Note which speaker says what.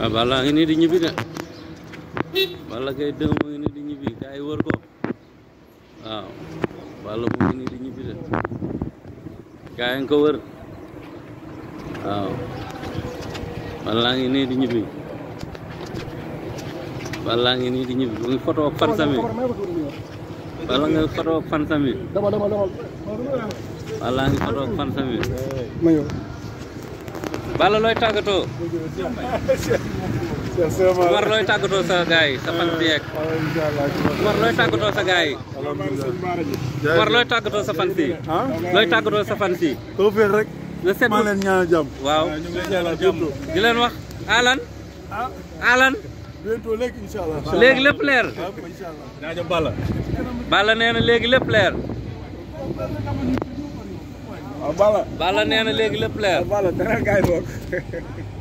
Speaker 1: Ah, balang ini di ñibbi gak? balang kayak dëw ini di ñibbi kayak iwar kok ko ah, waaw bala mu ngi nii di ñibbi de gars yi ko wër waaw ah, bala ngi di ñibbi bala ngi di ñibbi ini foto photo sami balang ini foto ak sami balang ini foto ak sami Balla looy tàggatoo. Umar looy tàggatoo sa gaay sa fan si yeeg. Umar looy tàggatoo sa gaay. Umar looy tàggatoo sa fan si. looy tàggatoo sa fan si. tawfeex rek. na seetlu maa leen ñaanal jàmm. waaw di leen wax
Speaker 2: alan. alan. bientôt léegi incha allah. léegi lépp leer.
Speaker 1: Balla nee na léegi lépp leer. waaw Balla Balla nee na léegi lépp leer Balla dara gaay boog